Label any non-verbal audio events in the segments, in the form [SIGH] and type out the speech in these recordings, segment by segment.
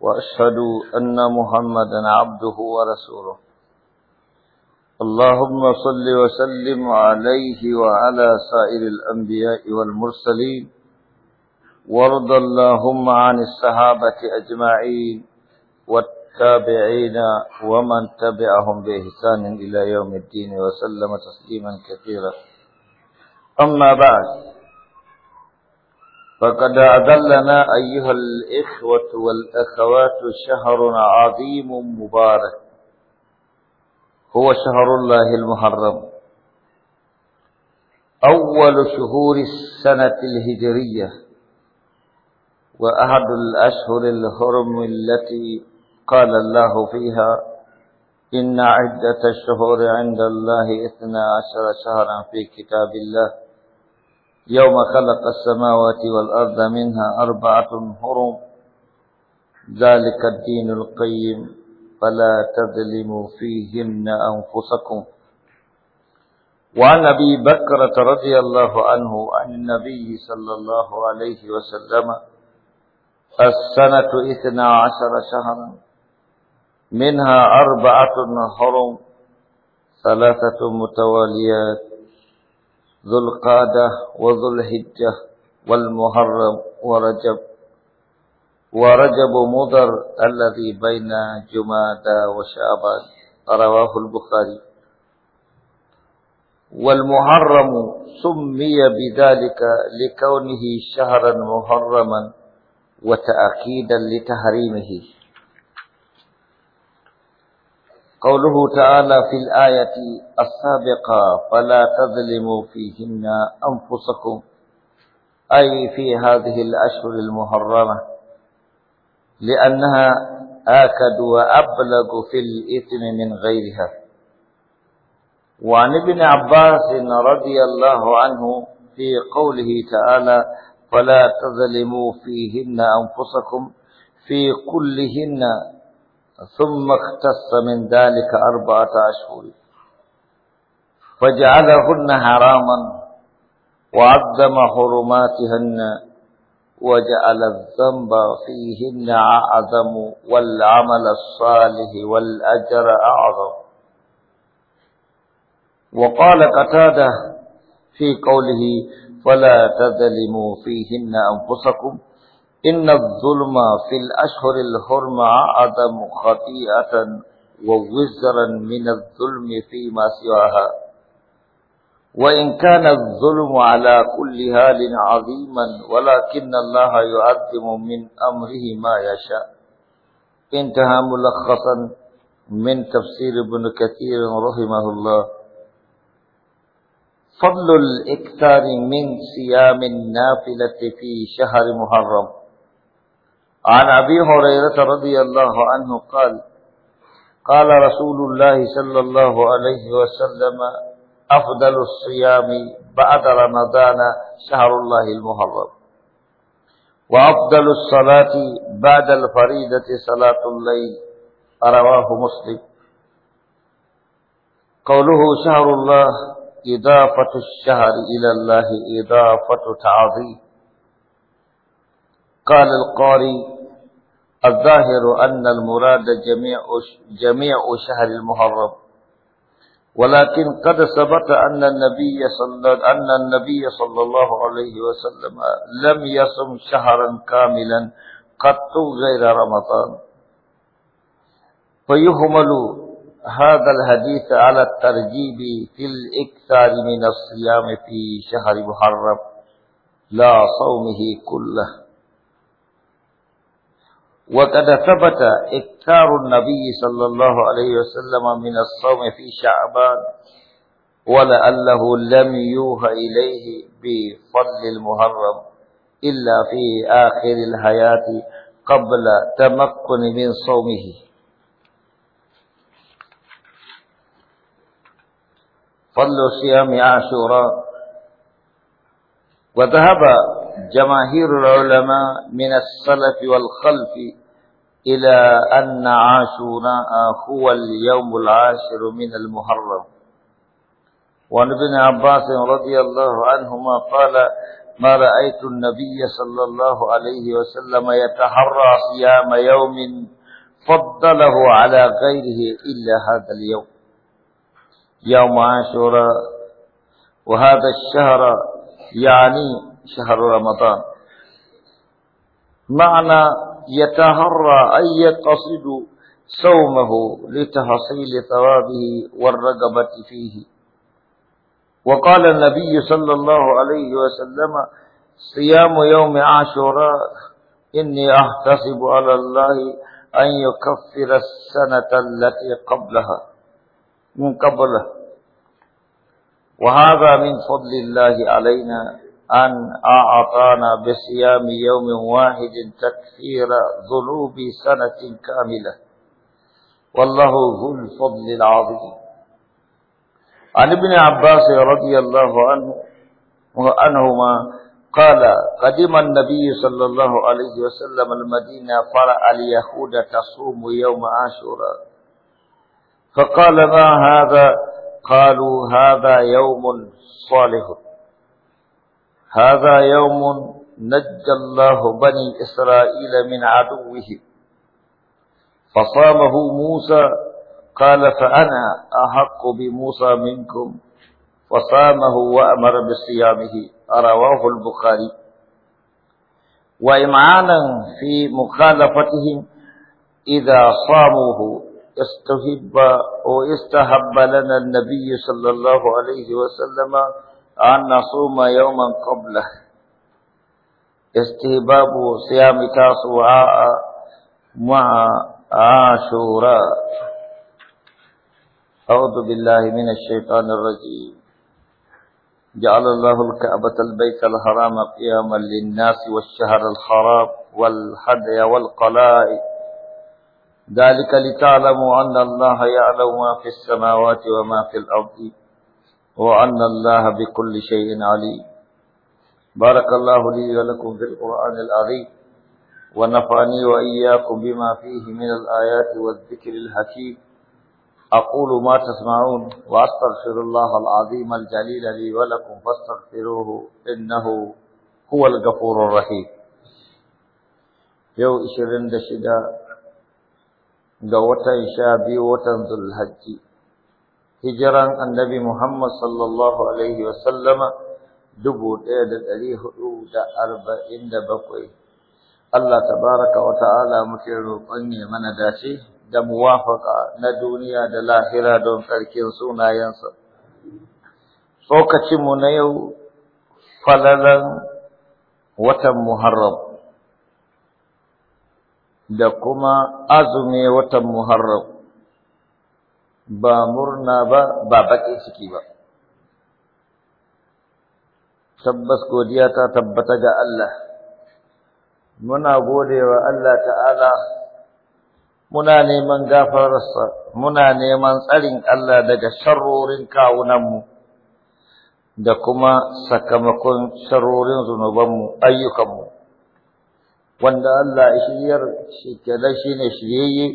وأشهد أن محمدا عبده ورسوله اللهم صل وسلم عليه وعلى سائر الأنبياء والمرسلين وارض اللهم عن الصحابة أجمعين والتابعين ومن تبعهم بإحسان إلى يوم الدين وسلم تسليما كثيرا أما بعد فقد أذلنا أيها الإخوة والأخوات شهر عظيم مبارك هو شهر الله المحرم أول شهور السنة الهجرية وأحد الأشهر الحرم التي قال الله فيها إن عدة الشهور عند الله إثنى عشر شهرا في كتاب الله يوم خلق السماوات والأرض منها أربعة حرم ذلك الدين القيم فلا تظلموا فيهن أنفسكم وعن أبي بكرة رضي الله عنه عن النبي صلى الله عليه وسلم السنة إثنى عشر شهرا منها أربعة حرم ثلاثة متواليات ذو القادة وذو الحجة والمحرم ورجب ورجب مضر الذي بين جمادى وشعبان رواه البخاري والمحرم سمي بذلك لكونه شهرا محرما وتأكيدا لتحريمه قوله تعالى في الآية السابقة فلا تظلموا فيهن أنفسكم أي في هذه الأشهر المحرمة لأنها آكد وأبلغ في الإثم من غيرها وعن ابن عباس رضي الله عنه في قوله تعالى فلا تظلموا فيهن أنفسكم في كلهن ثم اختص من ذلك أربعة أشهر فجعلهن حراما وعظم حرماتهن وجعل الذنب فيهن أعظم والعمل الصالح والأجر أعظم وقال قتاده في قوله فلا تظلموا فيهن أنفسكم إن الظلم في الأشهر الحرمة عدم خطيئة ووزرا من الظلم فيما سواها وإن كان الظلم على كل حال عظيما ولكن الله يعظم من أمره ما يشاء انتهى ملخصا من تفسير ابن كثير رحمه الله فضل الإكثار من صيام النافلة في شهر محرم عن أبي هريرة رضي الله عنه قال قال رسول الله صلى الله عليه وسلم أفضل الصيام بعد رمضان شهر الله المحرم وأفضل الصلاة بعد الفريدة صلاة الليل رواه مسلم قوله شهر الله إضافة الشهر إلى الله إضافة تعظيم قال القاري الظاهر أن المراد جميع جميع شهر المحرم ولكن قد ثبت أن النبي صلى أن النبي صلى الله عليه وسلم لم يصم شهرا كاملا قط غير رمضان فيهمل هذا الحديث على الترجيب في الإكثار من الصيام في شهر محرم لا صومه كله وقد ثبت اكثار النبي صلى الله عليه وسلم من الصوم في شعبان ولعله لم يوحى إليه بفضل المحرم إلا في آخر الحياة قبل تمكن من صومه فضل صيام عاشوراء وذهب جماهير العلماء من السلف والخلف إلى أن عاشوراء هو اليوم العاشر من المحرم وعن ابن عباس رضي الله عنهما قال ما رأيت النبي صلى الله عليه وسلم يتحرى صيام يوم فضله على غيره إلا هذا اليوم يوم عاشوراء وهذا الشهر يعني شهر رمضان معنى يتهرى أي يقصد صومه لتحصيل ثوابه والرغبة فيه وقال النبي صلى الله عليه وسلم صيام يوم عاشوراء إني أحتسب على الله أن يكفر السنة التي قبلها من قبله وهذا من فضل الله علينا أن أعطانا بصيام يوم واحد تكفير ذنوب سنة كاملة والله ذو الفضل العظيم عن ابن عباس رضي الله عنه عنهما قال قدم النبي صلى الله عليه وسلم المدينة فرأى اليهود تصوم يوم عاشوراء فقال ما هذا قالوا هذا يوم صالح هذا يوم نجى الله بني إسرائيل من عدوهم فصامه موسى قال فأنا أحق بموسى منكم فصامه وأمر بصيامه رواه البخاري وإمعانا في مخالفتهم إذا صاموه استهب أو استهب لنا النبي صلى الله عليه وسلم أن نصوم يوما قبله استهباب صيام تاسوعاء مع عاشوراء أعوذ بالله من الشيطان الرجيم جعل الله الكعبة البيت الحرام قياما للناس والشهر الحرام والهدي والقلائد ذلك لتعلموا أن الله يعلم ما في السماوات وما في الأرض وأن الله بكل شيء عليم بارك الله لي ولكم في القرآن العظيم ونفعني وإياكم بما فيه من الآيات والذكر الحكيم أقول ما تسمعون وأستغفر الله العظيم الجليل لي ولكم فاستغفروه إنه هو الغفور الرحيم يو إشرين دشدا ga إشابي وتنزل الحجي hijiran annabi Muhammad sallallahu alaihi wasallama dubu ɗaya da ɗari hudu da arba'in da bakwai. Allah tabaraka wa ta'ala muke roƙon ne mana dace da muwafaka na duniya da lahira don karkin sunayensa. Tsokacinmu na yau falalan watan Muharram da kuma azumi watan Muharram. ba murna ba ba baƙin ciki ba tabbas godiya ta tabbata ga Allah muna godewa Allah ta'ala muna neman gafararsa muna neman tsarin Allah daga sharrorin kawunanmu da kuma sakamakon sharrorin zunubanmu ayyukanmu wanda Allah ya shiryar shi ne shiryayye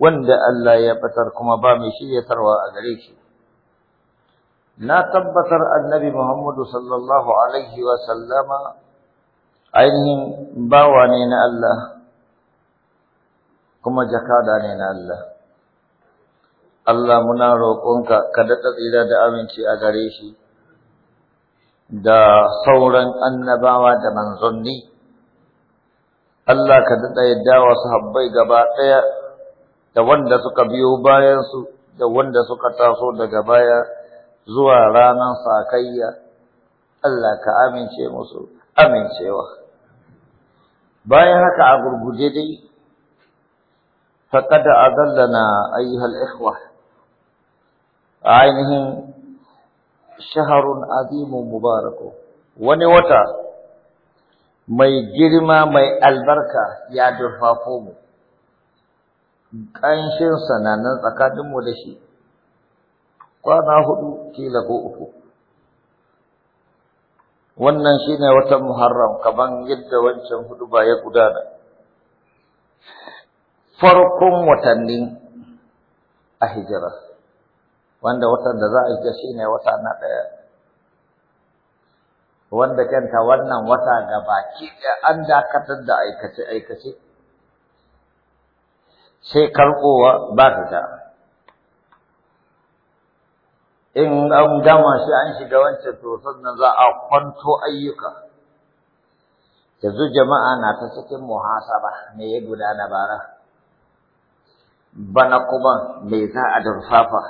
wanda Allah ya batar kuma ba mai shiryatarwa a gare shi na tabbatar annabi Muhammadu sallallahu alaihi wa sallama ainihin bawa ne na Allah kuma jakada ne na Allah Allah muna roƙonka ka daɗa tsira da aminci a gare shi da sauran annabawa da manzanni Allah ka daɗa yadda wasu habbai gaba ɗaya da wanda suka biyo bayansu da wanda suka taso daga baya zuwa ranar sakayya Allah ka amince musu amincewa bayan haka a gurguje dai faqad adallana ayyuhal ikhwa ainihin shaharun azimu mubaraku wani wata mai girma mai albarka ya durfafo mu ƙanshin sananan tsakaninmu da shi kwana hudu kila ko uku wannan shine watan muharram kaman yadda wancan hudu ba ya gudana farkon watanni a hijira wanda watan da za a hijira shine wata na ɗaya wanda kanta wannan wata ga baki da an dakatar da aikace aikace sai karkowa ba ta ta in an gama shi an shiga wancan to sannan za a kwanto ayyuka yanzu jama'a na ta cikin muhasaba me ya gudana bara bana kuma me za a durfafa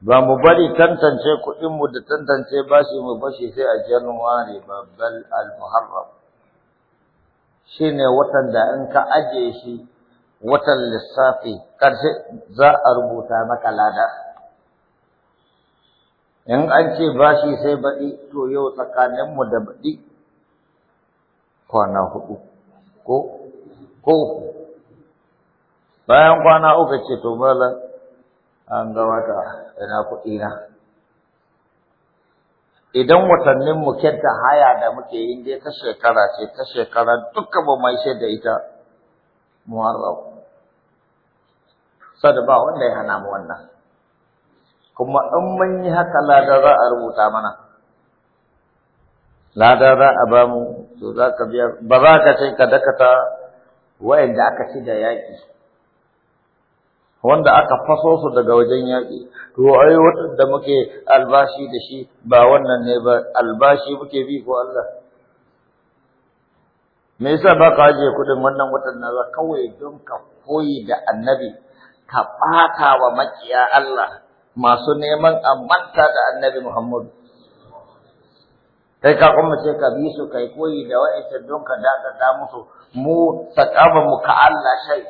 ba mu bari tantance kuɗinmu da tantance bashi mu bashi sai a januwari babbal al-muharram shine watan da in ka ajiye shi watan lissafi ƙarshe za a rubuta maka lada. In an ce bashi sai baɗi to yau tsakaninmu da baɗi kwana hudu ko ko bayan kwana uku ce to mala an ga wata ina kuɗi na. Idan watannin mu kyanta haya da muke yin dai ta shekara ce ta shekara dukkan mu mai da ita muharram sada ba wanda ya hana mu wannan kuma in mun yi haka lada za a rubuta mana lada za a ba mu to za ka biya ba za ka ce ka dakata wa'anda aka ci da yaƙi wanda aka faso su daga wajen yaƙi to ai wata muke albashi da shi ba wannan ne ba albashi muke bi ko Allah me yasa ba ka ajiye kuɗin wannan watan na kawai don ka koyi da annabi ka ɓata wa makiya Allah masu neman amanta da annabi Muhammadu kai ka kuma ce ka bisu kai koyi da wa'ancan don ka da musu mu taƙaba mu ka Allah shai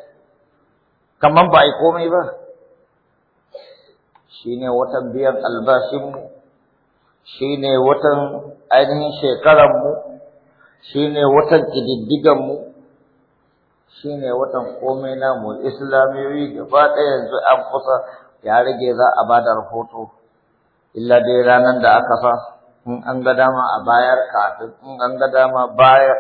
kamar ba a yi komai ba shine watan biyan albashin mu shine watan ainihin shekaran mu. shi ne watan ƙididdiganmu shi ne watan komai namu islamiyoyi gaba ɗaya yanzu an kusa ya rage za a ba da rahoto illa dai ranar da aka sa in an ga dama a bayar kafin in an ga dama bayar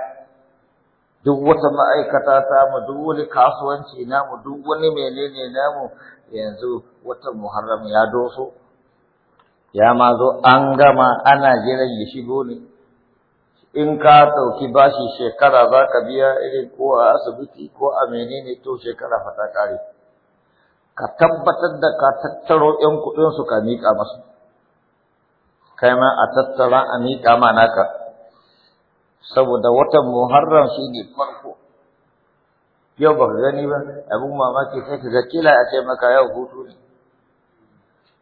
duk wata ma'aikata ta mu duk wani kasuwanci namu duk wani menene namu yanzu watan muharram ya doso ya ma zo an gama ana jiran ya shigo ne in ka ɗauki bashi shekara za ka biya irin ko a asibiti ko a menene to shekara fata ƙare ka tabbatar da ka tattaro ‘yan kuɗinsu ka miƙa masu kai ma a tattara a miƙa ma naka saboda watan muharram shi ne farko yau ba ka gani ba abin mamaki sai ka ga kila a ce maka yau hutu ne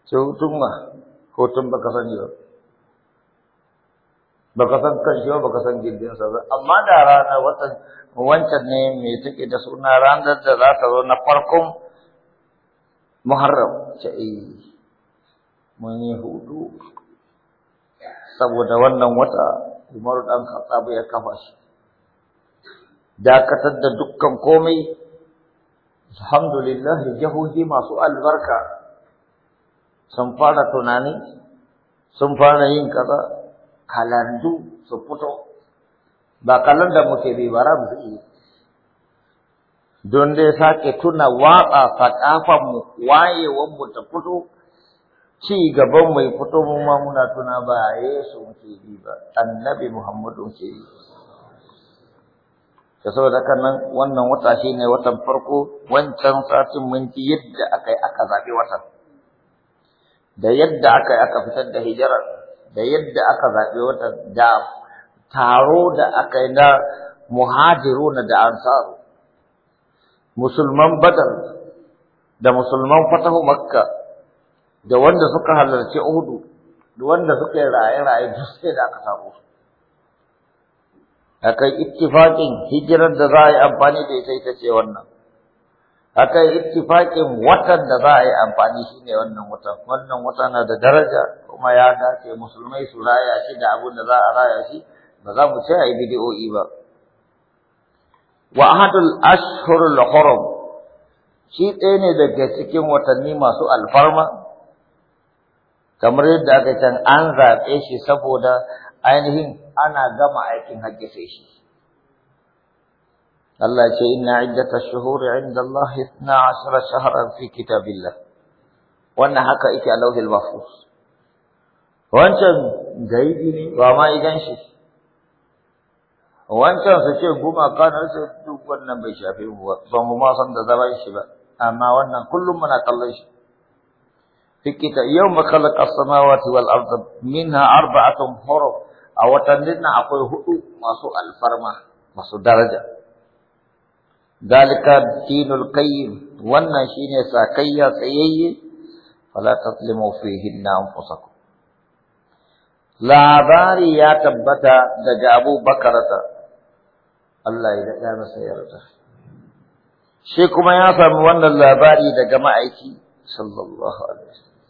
ce hutun ma hutun ba ka sani ba baka san kanshi ba baka san gindinsa ba amma da rana wata wancan ne mai take da suna ranar da za ta zo na farkon muharram ce eh, mun yi hudu saboda wannan wata umaru dan khattab ya kafa shi dakatar da dukkan komai alhamdulillah jahohi masu albarka sun fara tunani sun fara yin kaza kalandu su fito ba kalandar muke bi ba rabu don dai sake tuna watsa sakafanmu wayewanmu ta fito ci gaban mai fito mu ma muna tuna ba Yesu muke bi ba annabi Muhammadu muke bi da saboda haka nan wannan wata shi ne watan farko wancan satin mun ji yadda aka yi aka zaɓi watan da yadda aka yi aka fitar da hijirar da yadda aka zaɓi wata da taro da aka yi na muhajiruna da ansaru musulman badar da musulman fatahu makka da wanda suka halarci uhudu da wanda suka yi raye-raye duk sai da aka samu su akai ittifaqin hijirar da za a yi amfani da ita ita ce wannan Akai ittifaqin ittifaƙin watan da za a yi amfani shi ne wannan watan wannan wata na da daraja kuma ya dace musulmai su raya shi da abin da za a raya shi ba za mu ce a yi bidiyo'i ba wa ahadul ashhurul hurum shi ɗaya ne daga cikin watanni masu alfarma kamar yadda aka can an zaɓe shi saboda ainihin ana gama aikin hajji sai shi Allah ce inna iddata shuhuri inda Allah isna ashara shaharar fi kitabillah wannan haka yake a lauhil mahfuz wancan gaibi ne ba ma idan shi wancan su ce gumaka na su duk wannan bai shafi mu ba ba mu ma san da zaman shi ba amma wannan kullum muna kallon shi fikita yau makalak as-samawati wal ard minha arba'atun hurum a watannin nan akwai hudu masu alfarma masu daraja zalika dinul qayyim wannan shine sakayya tsayayye fala taslimu fihi anfusakum labari ya tabbata daga Abu Bakarata Allah ya daɗa masa yarda shi kuma ya sami wannan labari daga ma'aiki sallallahu alaihi wasallam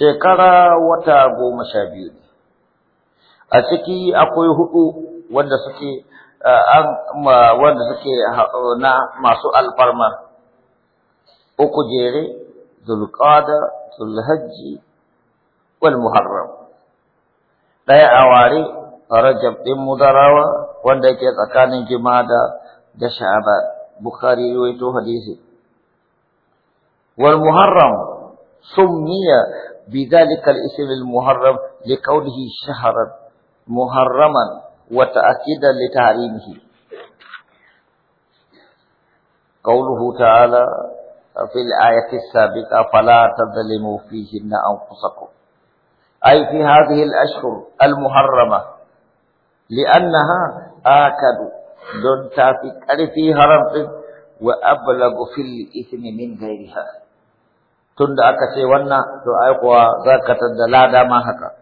shekara wata goma sha biyu a ciki akwai huɗu wanda suke wanda suke na masu alfarma uku jere zulqada zulhajji wal muharram daya a rajab din mudarawa wanda yake tsakanin jumada da sha'ban bukhari ruwaito hadisi wal muharram summiya bi dhalika al ism al muharram li qawlihi shahran muharraman وتأكيدا لتعليمه قوله تعالى في الآية السابقة فلا تظلموا فيهن أنفسكم أي في هذه الأشهر المحرمة لأنها آكد دنتا يعني في كرفي هرم وأبلغ في الإثم من غيرها تند أكسي ونا تؤيقوا ذاكة الدلالة ما هكذا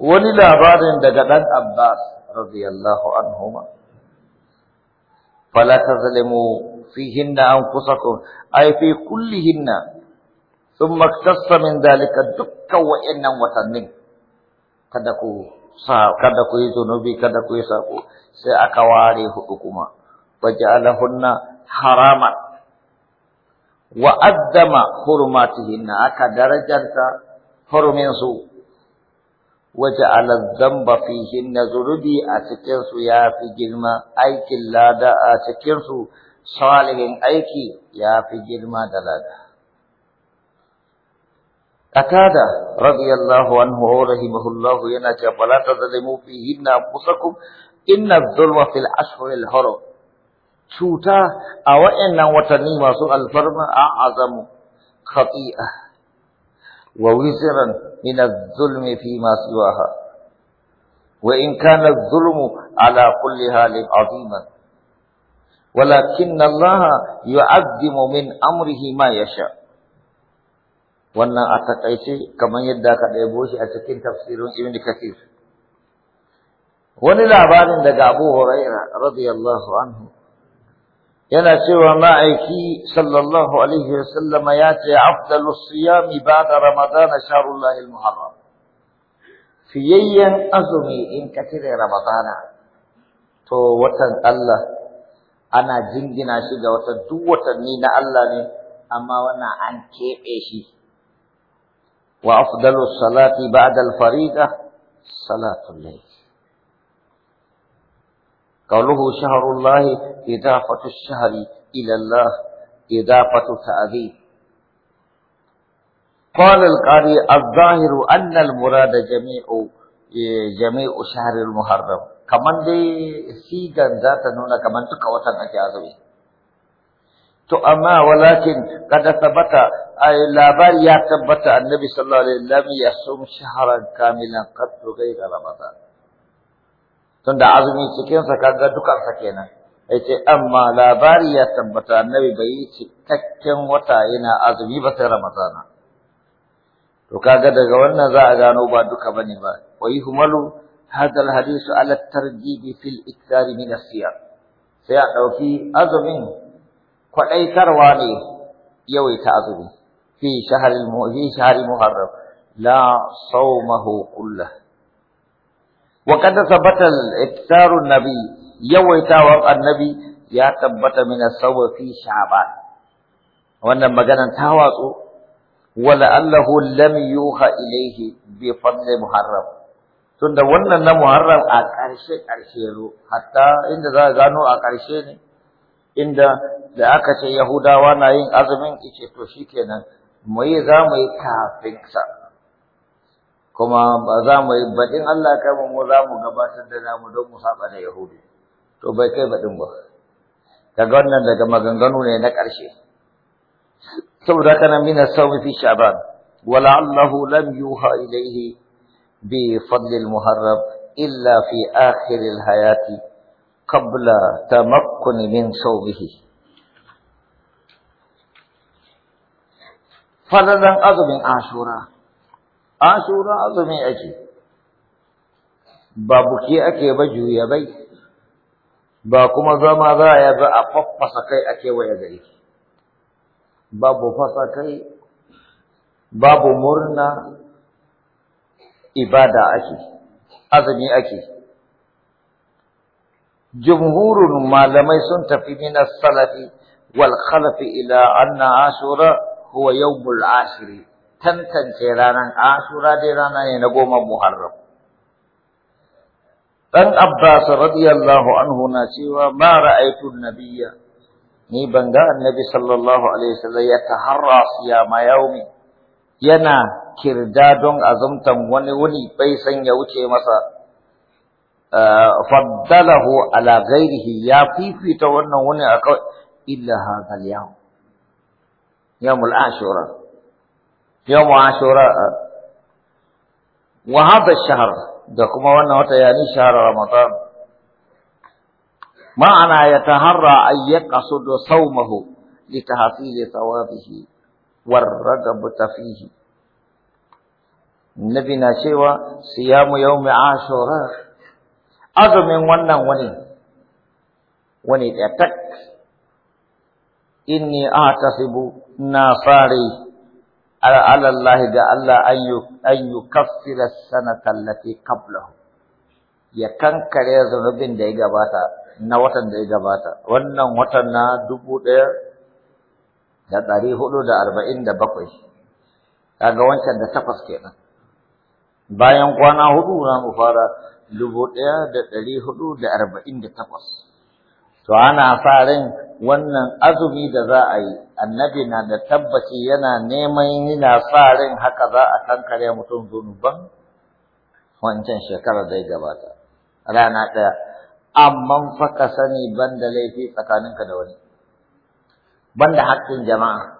wani labarin daga ɗan Abbas radiyallahu anhuma fala tazlimu fihinna anfusakum ay fi kullihinna thumma iktassa min dhalika dukkan wa'annan watannin kada ku sa kada ku yi zunubi kada ku yi sako sai aka ware hudu kuma waja'alahunna haraman wa addama hurmatihinna aka darajarta hurumin su وجعل الذنب فيهن ذنوبي أتكن يا في جرما أيك لادا أتكن صالح أيك يا في جرما دلادا اتادا رضي الله عنه ورحمه الله ينا فلا تظلموا فيهن أنفسكم إن الظلم في الأشهر الحرم شوتا أو إن سو الفرما أعظم خطيئة ووزرا من الظلم فيما سواها وإن كان الظلم على كل حال عظيما ولكن الله يعظم من أمره ما يشاء وانا اعتقد ايش كما يدعى قد ابوش اتكين تفسير ابن كثير وانا لا بارن دقى ابو هريرة رضي الله عنه yana cewa ma'aiki sallallahu alaihi sallama ya ce afdalu siyami ba'da ramadan shahrullahi al-muharram fiyayyan azumi in ka tire ramadana to watan Allah ana jingina shi ga watan duk watanni na Allah ne amma wannan an keɓe shi wa afdalu salati ba'da farida fariida salatul layl قوله شهر الله إضافة الشهر إلى الله إضافة تأذيب قال القاري الظاهر أن المراد جميع جميع شهر المحرم كمان دي سيدا ذات نونا كمان تكوتان أجازوي تو أما ولكن قد ثبت أي لا بل يعتبت النبي صلى الله عليه وسلم يصوم شهرا كاملا قد غير رمضان tunda azumi cikin sa kaga dukan sa kenan yace amma labari ya tabbata annabi bai yi cikakken wata yana azumi ba sai ramadana to kaga daga wannan za a gano ba duka bane ba wai humalu. hadha alhadith ala tarjib fil ikthar min asiyar sai a dauki azumin kwadaitarwa ne yawaita azumi fi shahril muharram la sawmahu kullahu wa qad sabata nabi yawaitawa annabi ya tabbata min as wannan maganan ta watsu wala allahu lam yuha ilayhi bi fadli muharram tunda wannan na muharram a ƙarshe ƙarshe zo hatta inda za a gano a ƙarshe ne inda da aka ce Yahudawa na yin azumin ice to shikenan mu yi za mu yi kafin sa kuma ba za mu yi baɗin Allah kai mu za mu gabatar da namu don mu saba da yahudi to bai kai baɗin ba daga wannan daga maganganu ne na ƙarshe saboda kana mina sauri fi sha'ban wala allahu lam yuha ilaihi bi al muharrab illa fi akhir al hayati qabla tamakkun min sawbihi fadalan azumin ashura آن سورة عظمي أجي بابكي أكي بجو يبي باكما ذما ذا يبا أقف فسكي أكي ويدري باب فسكي بابو مرنا إبادة أكي عظمي أكي جمهور ما لم في من السلف والخلف إلى أن عاشوراء هو يوم العاشر tantance ranar ashura dai rana ne na goma muharram dan abbas radiyallahu anhu na cewa ma ra'aytu nabiyya ni ban ga annabi sallallahu alaihi wasallam ya taharra siyama yaumi yana kirda don azumtan wani wuni bai san ya wuce masa faddalahu ala ghairihi ya fifita wannan wuni akan illa hadha al-yawm yawmul ashura yawm ashura wa hadha shahr da kuma wannan wata yani shahr ramadan ma'ana yataharra ay yaqsudu sawmahu litahsil thawabihi warragabta fihi Nabi na cewa siyamu yawmi ashura azumin wannan wani wani ɗaya tak inni atasibu na fare Ala على Allah an أن يكفر السنة التي kabla. ya kankare zunubin da ya gabata na watan da ya gabata wannan watan na dubu ɗaya da ɗari hudu da arba'in da bakwai kaga wancan da takwas kenan bayan kwana hudu na mu fara dubu ɗaya da ɗari hudu da arba'in da takwas to ana sa ran wannan azumi da za a yi annabi na da tabbaci yana neman yana sa rin haka za a kankare mutum zunuban wancan shekara da ya gabata rana ɗaya amma fa ka sani banda laifi tsakaninka da wani banda haƙƙin jama'a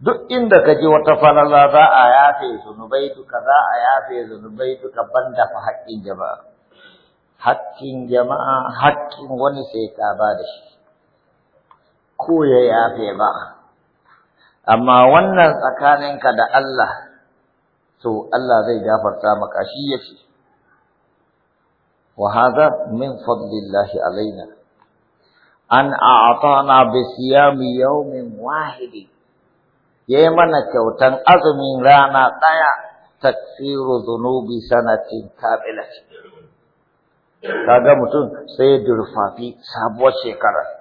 duk inda ka ji wata falala za a yafe zunubai duka za a yafe zunubai duka banda fa haƙƙin jama'a haƙƙin jama'a haƙƙin wani sai ka ba da shi ko ya yafe ba amma wannan tsakaninka da Allah to Allah zai gafarta maka shi yace wa hadha min fadlillahi alaina an a'tana bi siyami yawmin wahidi yayi mana kyautan azumin rana daya taksiru dhunubi sanatin kabilati kaga mutum sai durfafi sabuwar shekara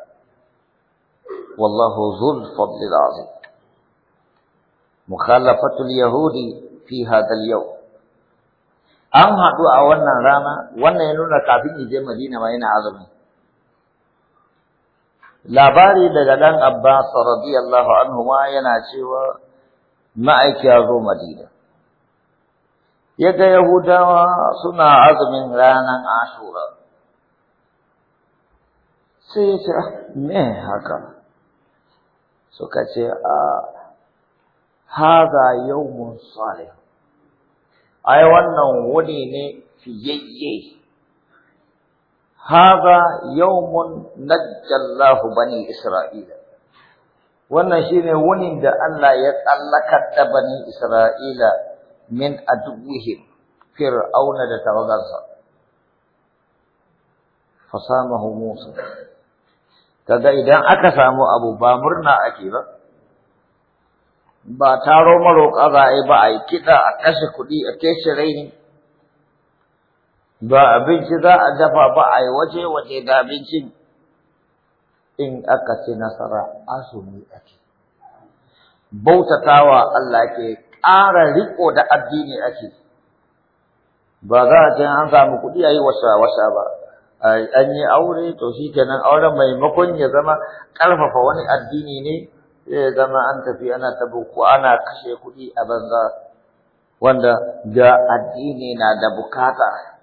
والله ذو الفضل العظيم مخالفة اليهود في هذا اليوم أم هاتو أولنا رانا وانا ينونا كافين إذا مدينة وين عظم لا باري لغدان أباس رضي الله عنه ما يناشي و ما إكيازو مدينة يجا يهودا سنا عظم رانا عاشورا سيسرح ما هكذا suka ce a haza yawmun salih ai wannan wuni ne fiyayye haza yawmun najjallahu bani isra'ila wannan shine wunin da Allah ya tsallaka da bani isra'ila min aduwwihim fir'auna da tawagarsa fasamahu musa kaga idan aka samu abu ba murna ake ba ba taro maroƙa za a ba a yi kiɗa a kashe kuɗi a keshe raini ba abinci za a dafa ba a yi waje waje da abincin in aka ci nasara azumi ake bautatawa Allah ke ƙara riƙo da addini ake ba za a ce an samu kuɗi a yi wasa wasa ba an yi aure to shi kenan auren maimakon ya zama ƙarfafa wani addini ne ya zama an tafi ana ta buku ana kashe kuɗi a banza wanda ga addini na da bukata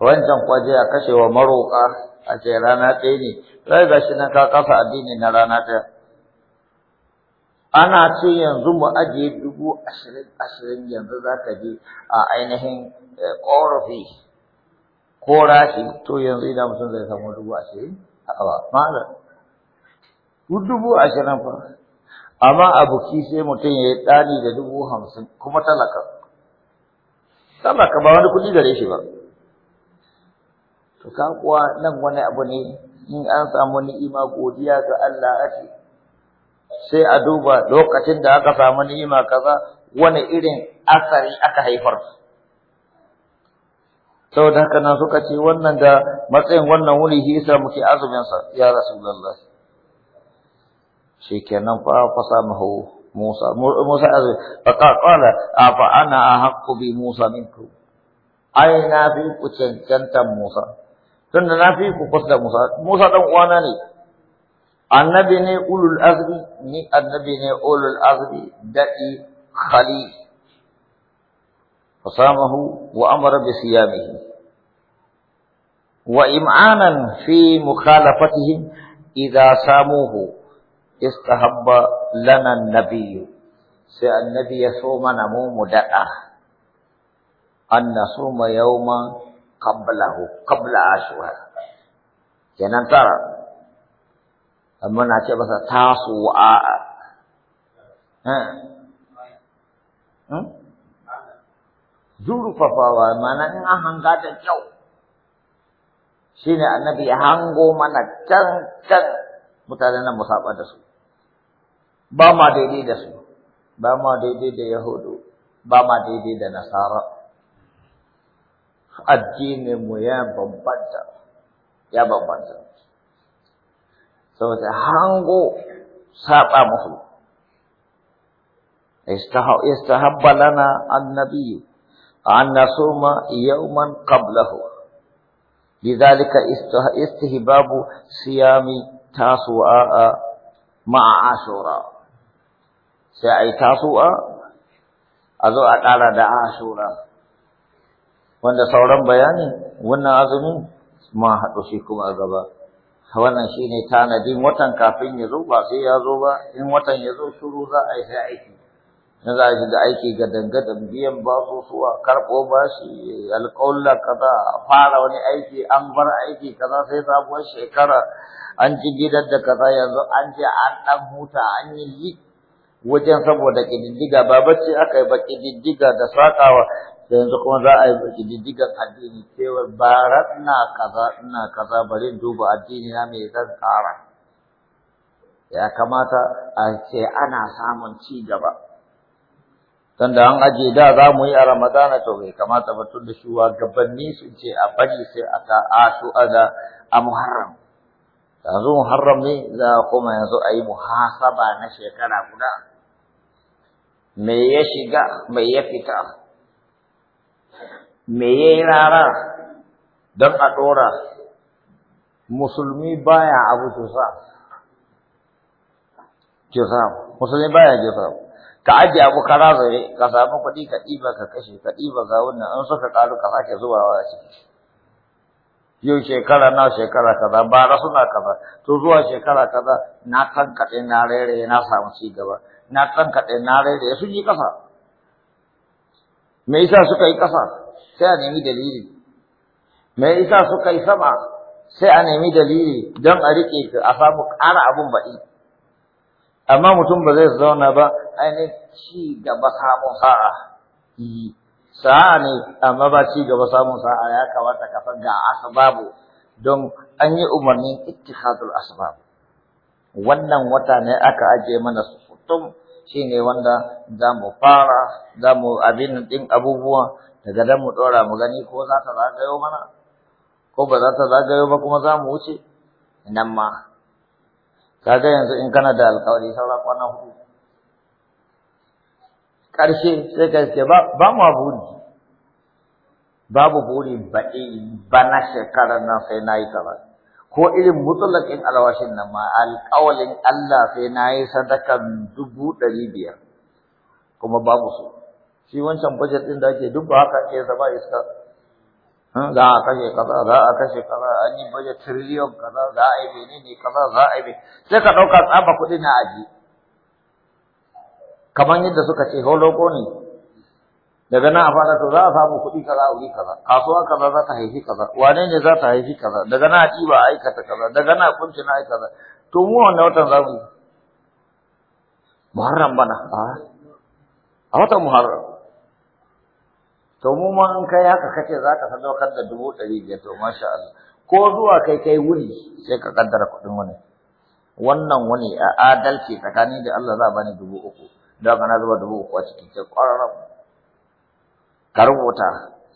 wancan kwaje a kashe wa maroƙa a ce rana ɗaya ne sai ga shi nan ka kasa addini na rana ɗaya ana ce yanzu mu ajiye dubu ashirin ashirin yanzu za ka je a ainihin eh, ƙorafi ko rashi to yanzu idan mutum zai samu dubu ashirin a ba malam dubu ashirin fa amma a sai mutum ya yi ɗani da dubu hamsin kuma talaka talaka ba wani kuɗi gare shi ba to ka nan wani abu ne in an samu ni'ima godiya ga Allah ake sai a duba lokacin da aka samu ni'ima kaza wani irin asari aka haifar saboda haka nan suka ce wannan da matsayin wannan wuni shi yasa muke azumin sa ya rasulullah shikenan fa fasamahu Musa Musa azumi fa qala afa ana ahqqu bi Musa minkum ai na fi ku cancantan Musa tunda na fi ku kusa da Musa Musa dan uwana ne annabi ne ulul azmi ni annabi ne ulul azmi da'i khali فصامه وأمر بصيامه وإمعانا في مخالفتهم إذا صاموه استحب لنا النبي النبي يصوم نموم دأه أن نصوم يوما قبله قبل عاشوراء kenan يعني ترى أما na تاسو masa ها ها zurfafawa mana in an hanga da kyau shine annabi ya hango mana can can mutanen nan mu musaba da su ba ma daidai da su ba ma daidai da yahudu ba ma daidai da nasara addinin mu ya bambanta ya bambanta saboda hango saba musu istahabba lana annabi anasuma yawman qablahu lidhalika istihbabu siyami tasu'a ma'a ashura sai tasu'a azo a da ashura wanda sauran bayani wannan azumi ma hado shi kuma a gaba wannan shine tanadin watan kafin ya zo ba sai ya zo ba in watan ya zo shuru za a yi sai aiki na za a shiga aiki ga dangadan biyan basusuwa karɓo bashi alƙawla kaza fara wani aiki an bar aiki kaza sai sabuwar shekara an ci gidan da kaza yanzu an ce an ɗan huta an yi yi wajen saboda ƙididdiga ba bacci aka yi ba ƙididdiga da saƙawa da yanzu kuma za a yi ƙididdigan addini cewa bara ina kaza ina kaza bari in duba addini na mai zan tsara ya kamata a ce ana samun ci gaba Tanda an aje da za mu yi a Ramadana to bai kamata ba tun da gabanni sun ce a bari sai a ta ashu da a Muharram. Yanzu Muharram ne za a koma yanzu a yi muhasaba na shekara guda. Me ya shiga, me ya fita, me ya yi rara don a ɗora. Musulmi baya abu jusa. Jusa, musulmi baya ka aje abu ka razaye ka samu kuɗi ka ɗiba ka kashe ka ɗiba ga wannan an suka ƙaru ka sake zuwa a ciki yau shekara na shekara kaza bara suna kaza to zuwa shekara kaza na tankaɗe na rere na samu ci gaba na tankaɗe na rere sun yi ƙasa me yasa suka yi ƙasa sai a nemi dalili me yasa suka yi sama sai a nemi dalili don a riƙe a samu ƙara abun baɗi amma mutum ba zai zauna ba ainihin ci gaba samun sa'a sa'a ne amma ba ci gaba samun sa'a ya kamata ka san ga asbabu don an yi umarnin ittihadul asbab wannan wata ne aka ajiye mana sutum shine wanda za mu fara za mu abin din abubuwa daga dan mu dora mu gani ko za ta zagayo mana ko ba za ta zagayo ba kuma za mu wuce nan ma kaga yanzu in kana da alƙawari saura kwana hudu ƙarshe sai ka ce ba ba mu buri babu buri ba bana shekarar nan sai na yi kaza ko irin mutsalakin alwashin nan ma alƙawalin Allah sai na yi sadakan dubu ɗari biyar kuma babu su shi wancan budget ɗin da ake duk ba haka ke zama iska za a kashe kaza za a kashe kaza an yi baje trillion kaza za a yi ne kaza za a yi sai ka ɗauka tsaba kuɗi na aji kamar yadda suka ce holoko ne daga nan a fara to za a samu kuɗi kaza a wuri kaza kasuwa kaza za ta haifi kaza wane ne za ta haifi kaza daga nan a ɗiba a aikata kaza daga nan a kunci na aikata to mu wannan watan za mu yi muharram bana a watan muharram to mu ma in kai haka kace za ka sadaukar da dubu ɗari biyar to masha Allah ko zuwa kai kai wuri sai ka kaddara kuɗin wani wannan wani a adalci tsakanin da Allah za a bani dubu uku da haka na zuba dubu uku a cikin ce ƙwararren ka rubuta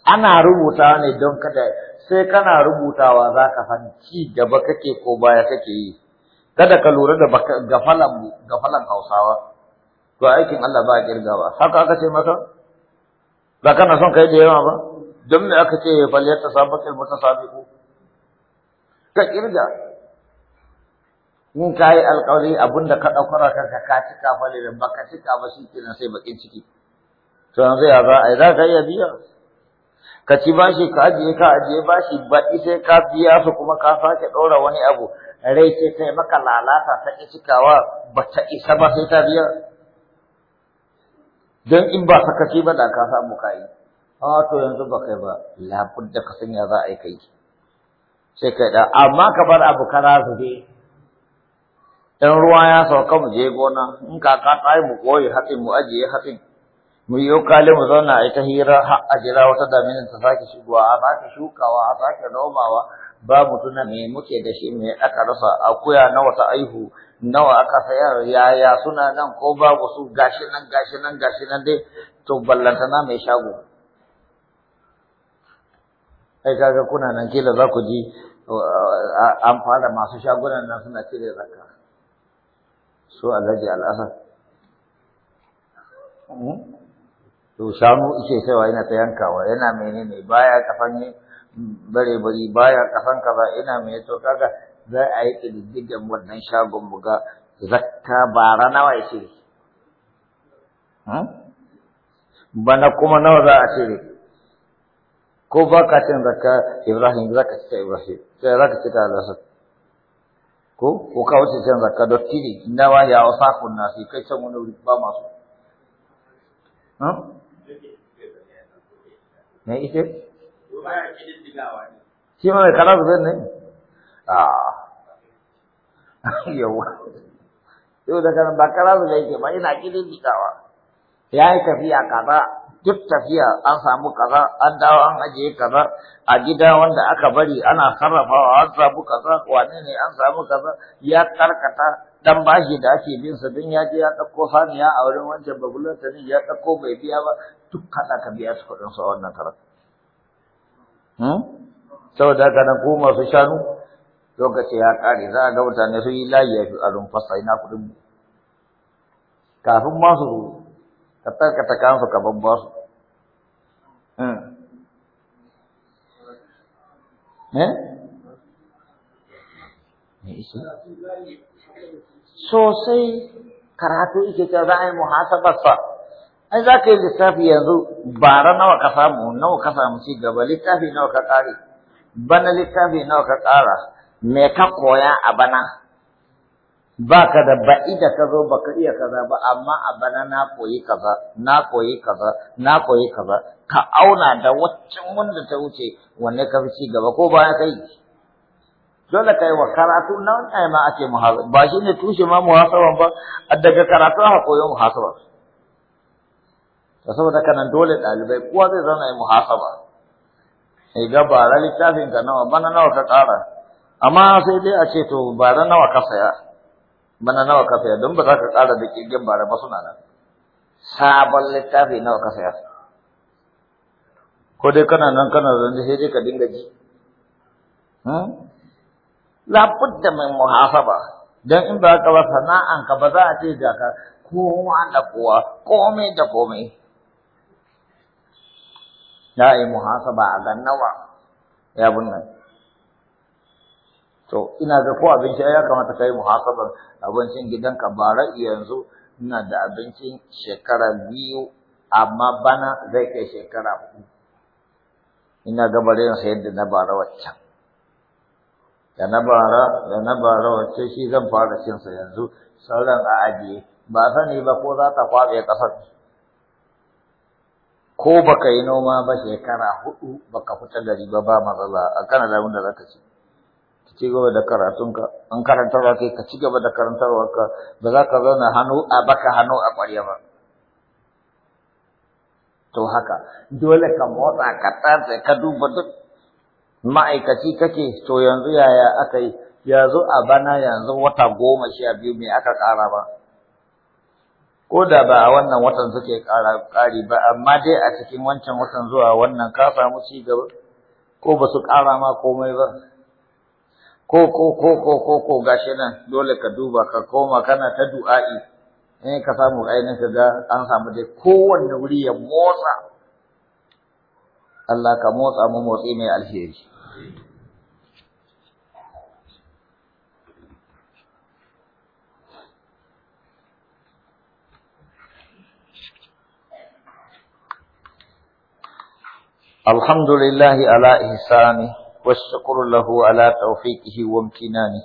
ana rubutawa ne don kada sai kana rubutawa za ka san ci gaba kake ko baya kake yi kada ka lura da gafalan gafalan Hausawa to aikin Allah ba kirgawa haka aka ce masa. ba kana son kai da yawa ba don me aka ce bal yatta mutasabiqu ka kirga mun kai alƙawari abinda ka daukara kanka ka cika fali da baka cika ba shi kenan sai bakin ciki to yanzu ya za a za ka iya biya ka ci bashi ka ajiye ka ajiye bashi baɗi sai ka biya su kuma ka sake ɗora wani abu rai sai kai maka lalata ta ƙi kawa ba ta isa ba sai ta biya dan in ba sakaci ba da ka samu kai a to yanzu ba kai ba da ka sanya za a yi kai sai kai da amma ka bar abu kara su je dan ruwa ya sauka mu je gona in kaka ta yi mu koyi hatsin mu ajiye hatsin mu yi kale mu zauna a ita hira a jira wata daminin ta sake shigowa a sake shukawa a sake nomawa ba mu tuna me muke da shi me aka rasa akuya na wata aihu nawa aka sayar yaya suna nan ko babu su gashi nan gashi nan gashi nan dai to ballantana mai shago ai kaga kuna nan kila za ku ji an fara masu shagunan nan suna cire zakka su alhaji al'asar hmm? to shanu ike sai yana ta yankawa yana menene baya kafan hmm, bare bari baya kafan kaza ina mai to kaga za a yi ƙididdigan wannan shagon buga zakka bara nawa ya ce hmm? Bana kuma nawa za a cire. Ko ba ka cin zakka Ibrahim za ka cika Ibrahim, sai za ka cika ta Alhassan. Ko ko ka wuce cin zakka dotti tiri nawa ya wasa kunna sai kai can wani wuri ba masu. Hmm? Me ita? Shi ma mai kala zai ne? Ah. [LAUGHS] yawa yau da kan bakara da yake ba ina kidin dikawa yi tafiya kaza duk tafiya an samu kaza an dawo an ajiye kaza a gida wanda aka bari ana sarrafawa an samu kaza wane ne an samu kaza ya karkata dan bashi da ake bin sa don ya je ya ɗauko saniya a wurin wancan ba ne ya ɗauko bai biya ba duk kaɗa ka biya su kuɗin su a wannan tarar. Hmm? Saboda haka nan ko masu shanu lokaci ya ƙare za a ga mutane sun yi layi ya a rumfa sai na kudin mu kafin ma su ka tarkata kansu ka babba su hmm. eh? sosai karatu ike ta za a yi sa ai za ka yi lissafi yanzu bara nawa ka samu nawa ka samu ci gaba littafi nawa ka ƙare bana littafi nawa ka ƙara me ka koya a bana ba ka da ba'i da ka zo ba ka iya kaza ba amma a bana na koyi kaza na koyi kaza na koyi kaza ka auna da waccan wanda ta wuce wanne ka fi ci gaba ko baya kai dole kai wa karatu nan ai ma ake muhasa ba shi ne tushe ma muhasaba ba A daga karatu aka koyo muhasaba saboda kana dole ɗalibai kowa zai zama yi muhasaba ai ga bara littafin ka nawa bana nawa ka ƙara amma sai dai a ce to bara nawa ka saya bana nawa ka saya don ba za ka ƙara da kirgin bara ba suna nan sabon littafi nawa ka saya ko dai kana nan kana zan sai dai ka dinga ji hmm? labudda mai muhasaba dan in ba ka ba sana'an ka ba za a ce ga ka kowa da kowa komai da komai ya yi muhasaba a ga nawa ya bunna to ina ga ko abinci ya kamata kai muhasabar abincin gidanka bara yanzu ina da abincin shekara biyu amma bana zai kai shekara uku ina ga bare yin sayar da na bara waccan da na bara da na bara wacce shi zan fara cin sa yanzu sauran a ajiye ba sani ba ko za ta kwabe ƙasar, ko baka yi noma ba shekara hudu baka fita gari ba ba matsala a kana da za zaka ci ka ci gaba da karatunka an karantarwa kai ka ci gaba da karantarwarka, ba za ka zauna hannu a baka hannu a ƙwarya ba to haka dole ka motsa ka tsatsa ka duba duk ma'aikaci kake to yanzu yaya aka yi zo a bana yanzu wata goma sha biyu me aka ƙara ba ko da ba a wannan watan suke ƙara ƙari ba amma dai a cikin wancan watan zuwa wannan ka samu ci ko ba su ƙara ma komai ba ko ko ko ko ko ko gashi nan dole ka duba ka koma kana ta du'a'i in eh, ka samu ainin ka ga an samu dai kowanne wuri ya motsa Allah ka motsa mu motsi mai alheri Alhamdu lillahi ihsani والشكر له على توفيقه وامتنانه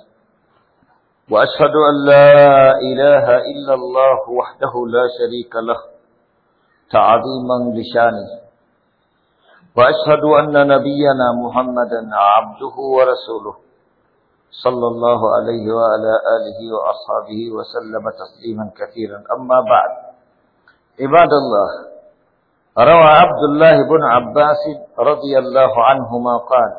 وأشهد أن لا إله إلا الله وحده لا شريك له تعظيما لشانه وأشهد أن نبينا محمدا عبده ورسوله صلى الله عليه وعلى آله وأصحابه وسلم تسليما كثيرا أما بعد عباد الله روى عبد الله بن عباس رضي الله عنهما قال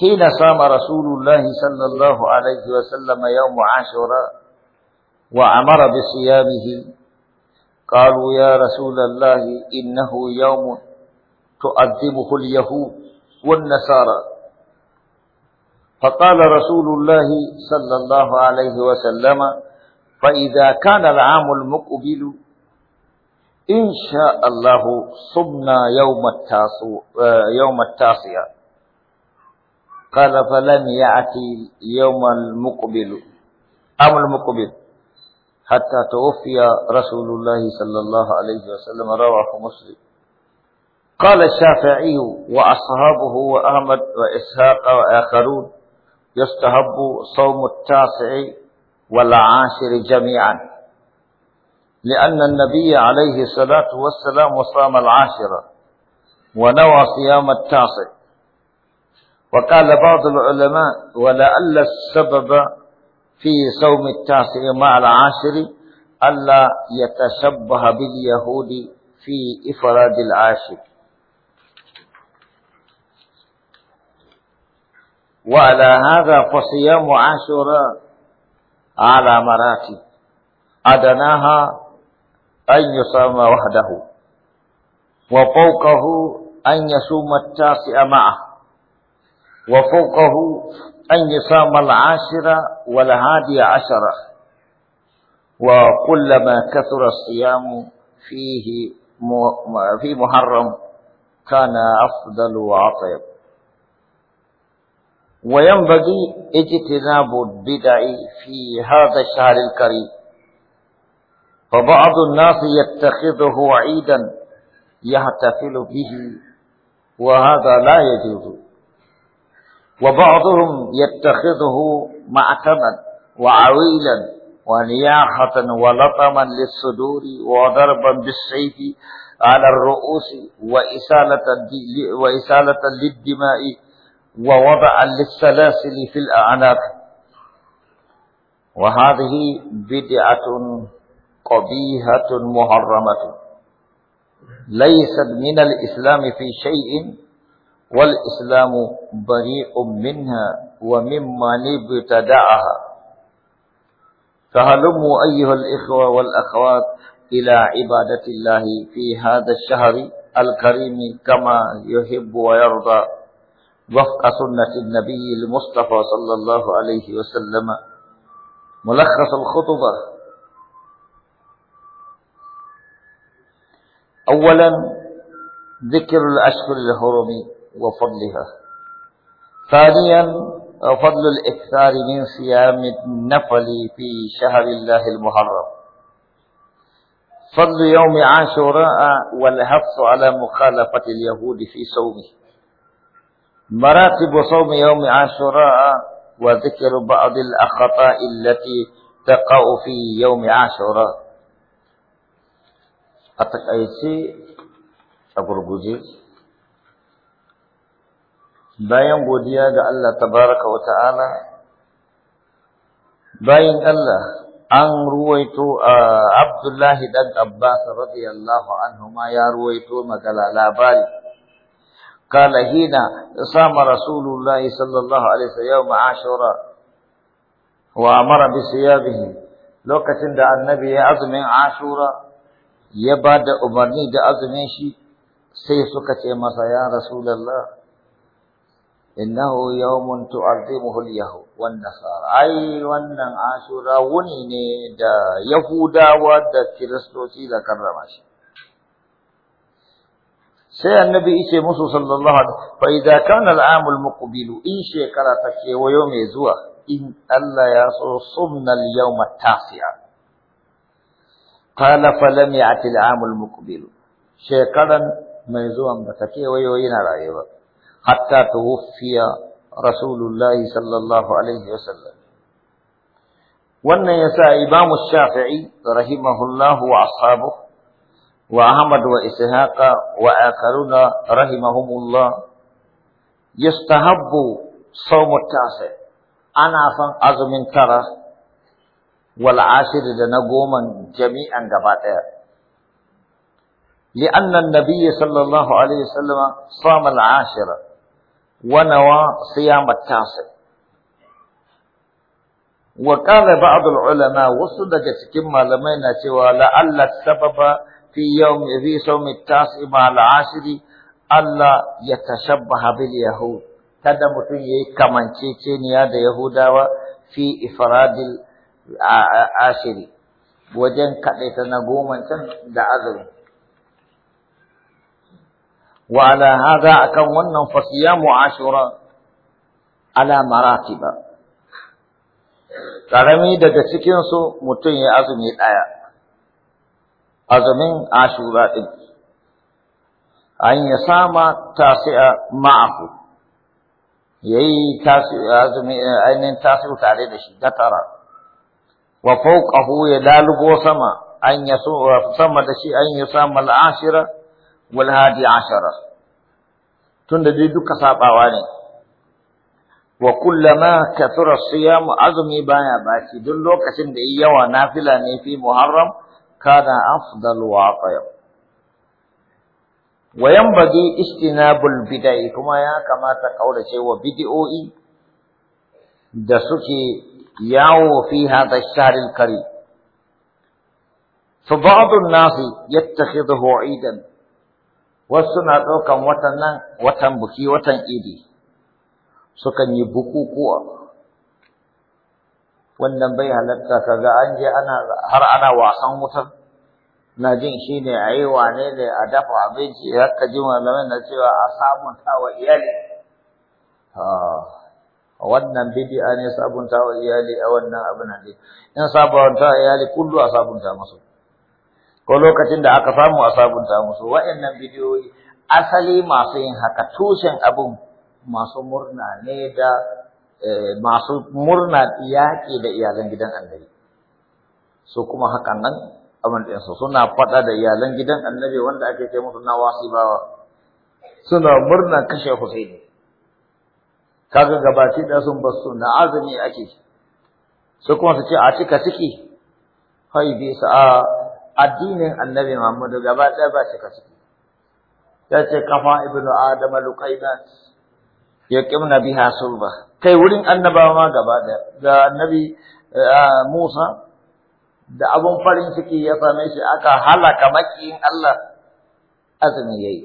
حين صام رسول الله صلى الله عليه وسلم يوم عاشوراء وأمر بصيامه قالوا يا رسول الله إنه يوم تؤذبه اليهود والنصارى فقال رسول الله صلى الله عليه وسلم فإذا كان العام المقبل إن شاء الله صمنا يوم التاسع آه، يوم التاسع قال فلن يأتي يوم المقبل أم المقبل حتى توفي رسول الله صلى الله عليه وسلم رواه مسلم قال الشافعي وأصحابه وأحمد وإسحاق وآخرون يستحب صوم التاسع والعاشر جميعا لأن النبي عليه الصلاة والسلام صام العاشرة ونوى صيام التاسع وقال بعض العلماء ولعل السبب في صوم التاسع مع العاشر ألا يتشبه باليهود في إفراد العاشر وعلى هذا فصيام عاشوراء على مراتب أدناها أن يصام وحده وفوقه أن يصوم التاسع معه وفوقه يصام العاشرة والهادي عشرة وكلما كثر الصيام فيه في محرم كان أفضل وأطيب وينبغي اجتناب البدع في هذا الشهر الكريم فبعض الناس يتخذه عيدا يحتفل به وهذا لا يجوز وبعضهم يتخذه معتما وعويلا ونياحة ولطما للصدور وضربا بالسيف على الرؤوس وإسالة, وإسالة للدماء ووضعا للسلاسل في الأعناق وهذه بدعة قبيحة محرمة ليست من الإسلام في شيء والإسلام بريء منها ومما ابتدعها فهلموا أيها الإخوة والأخوات إلى عبادة الله في هذا الشهر الكريم كما يحب ويرضى وفق سنة النبي المصطفى صلى الله عليه وسلم ملخص الخطبة أولا ذكر الأشهر الحرم وفضلها ثانيا فضل الإكثار من صيام النفل في شهر الله المحرم فضل يوم عاشوراء والحث على مخالفة اليهود في صومه مراتب صوم يوم عاشوراء وذكر بعض الأخطاء التي تقع في يوم عاشوراء أتك أيسي أبو bayan godiya ga Allah tabaraka wa ta'ala bayan Allah an ruwaito Abdullahi dan Abbas radiyallahu anhu ma ya ruwaito magala labari kala hina sama Rasulullah sallallahu alaihi wasallam ashura wa amara bi siyabihi lokacin da annabi ya azumin ashura ya bada umarni da azumin shi sai suka ce masa ya Rasulullah innahu yawmun tu'azzimuhu al-yahud wan nasara ai wannan ashura wuni ne da yahudawa da kiristoci da karrama shi sai annabi yace musu sallallahu alaihi wasallam fa idza kana al-aam al-muqbil in shekara ta kewayo mai zuwa in Allah ya so sumna al-yawma tasi'a qala falam ya'ti al-aam al-muqbil shekaran mai zuwan ba ta kewayo yana rayuwa حتى توفي رسول الله صلى الله عليه وسلم وأن يسعى إمام الشافعي رحمه الله وأصحابه وأحمد وإسحاق وآخرون رحمهم الله يستحب صوم التاسع أنا فان أزم ترى والعاشر لنقوما جميعا قبائل لأن النبي صلى الله عليه وسلم صام العاشرة ونوى صيام التاسع وقال بعض العلماء وصل جسكما لما ينتوى لعل السبب في يوم في صوم التاسع مع العاشر ألا يتشبه باليهود تدم في كما تشيتين يا يهودا في إفراد العاشر وجن كتلتنا قوما تن دعذرين Wa وعلى هذا أكونا فصيام ashura ala maratiba ƙarami daga cikinsu mutum ya azumi ɗaya, azumin ashura ɗin, an ya sama tasi'a ma'ahu, ya yi ainihin tasiru tare da shi, da tara, wa fawqahu ya lalubo sama, an ya sama da shi an ya sama al'ashira, والهادي عشرة تند دي دوكا صاحب آواني وكلما كثر الصيام عظمي بايا باشي دلو كسن دي ونافلة نيفي محرم كان أفضل وعطيه وينبغي استناب البدع كما يا كما تقول شيء وبدئوي دسوكي ياو في هذا الشهر الكريم فبعض الناس يتخذه عيدا wasu na ɗaukan watan nan watan buki watan idi sukan yi bukukuwa wannan bai halatta kaga an je ana har ana wasan wutar na jin shi ne a yi wane ne a dafa abinci har ka ji malamai na cewa a sabunta wa iyali ah, wannan bidi'a ne sabunta wa iyali a wannan abin ne in sabunta wa iyali kullu a sabunta masu ko lokacin da aka samu a sabunta musu wa'annan bidiyoyi asali masu yin haka tushen abun masu murna ne da eh, masu murna yaƙi da iyalan gidan annabi su kuma hakan nan abin ɗinsu suna faɗa da iyalan gidan annabi wanda ake kai musu na bawa, suna murna kashe Husaini kaga gabaki da sun su na azumi ake su kuma su ce a cika ciki hai bisa a addinin annabi Muhammadu gaba ɗaya ba shi ciki. Ya ce kafa ibnu adam luqainat na biha sulba kai wurin annabawa ma gaba ɗaya da annabi eh, Musa da abun farin ciki ya same shi aka halaka makiyin Allah azumi ya yi.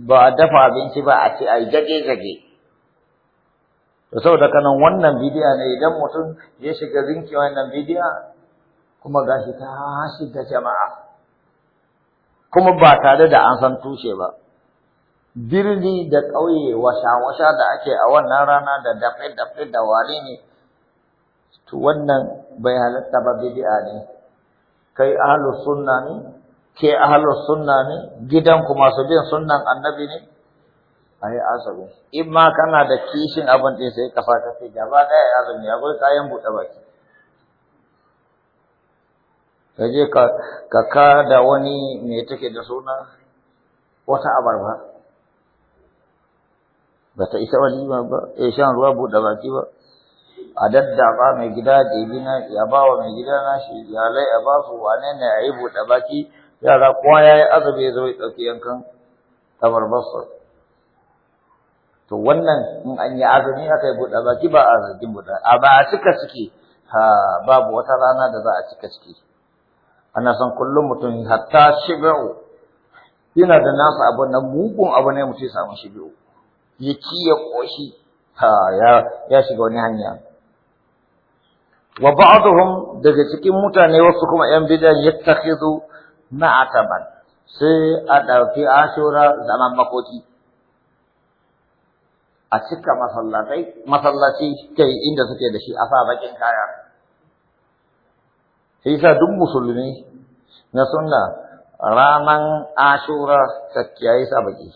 ba a dafa abinci ba a ce a yi gage gage to saboda kanan wannan bidiya ne idan mutum ya shiga zinki wannan bidiya kuma gashi ta shiga jama'a kuma ba tare da an san tushe ba birni da ƙauye washa-washa da ake a wannan rana da dafe-dafe da wari ne to wannan bai halatta ba bid'a ne kai ahlus sunna ne ke ahlus sunna ne gidan ku masu bin sunnan annabi ne ai asabi in ma kana da kishin abin din sai kafa ta sai gaba daya azumi akwai kayan buɗe baki Kaje ka kaka da wani me take da suna wata abarba ba ta isa wani ba ya shan ruwa buɗe baki ba a daddaba mai gida jibina ya ba wa mai gida na nashi iyalai a ba su wane ne a yi buɗe baki yara kowa ya yi azumi ya zo ya ɗauki yankan abarbarsa to wannan in an yi azumi aka yi buɗe baki ba a zargin buɗe a ba a cika ciki ha babu wata rana da za a cika ciki ana san kullum mutum hatta shibi'u yana da nasa abu na mugun abu ne mutum ya samu shibi'u ya ci ya koshi ha ya ya shiga wani hanya wa ba'dhum daga cikin mutane wasu kuma yan bid'a yattakhidhu ma'ataban sai a dauki ashura zaman makoti a cika masallatai masallaci kai inda suke da shi a sa bakin kaya Shi duk musulmi na suna ranan ashura ka kiyaye baki.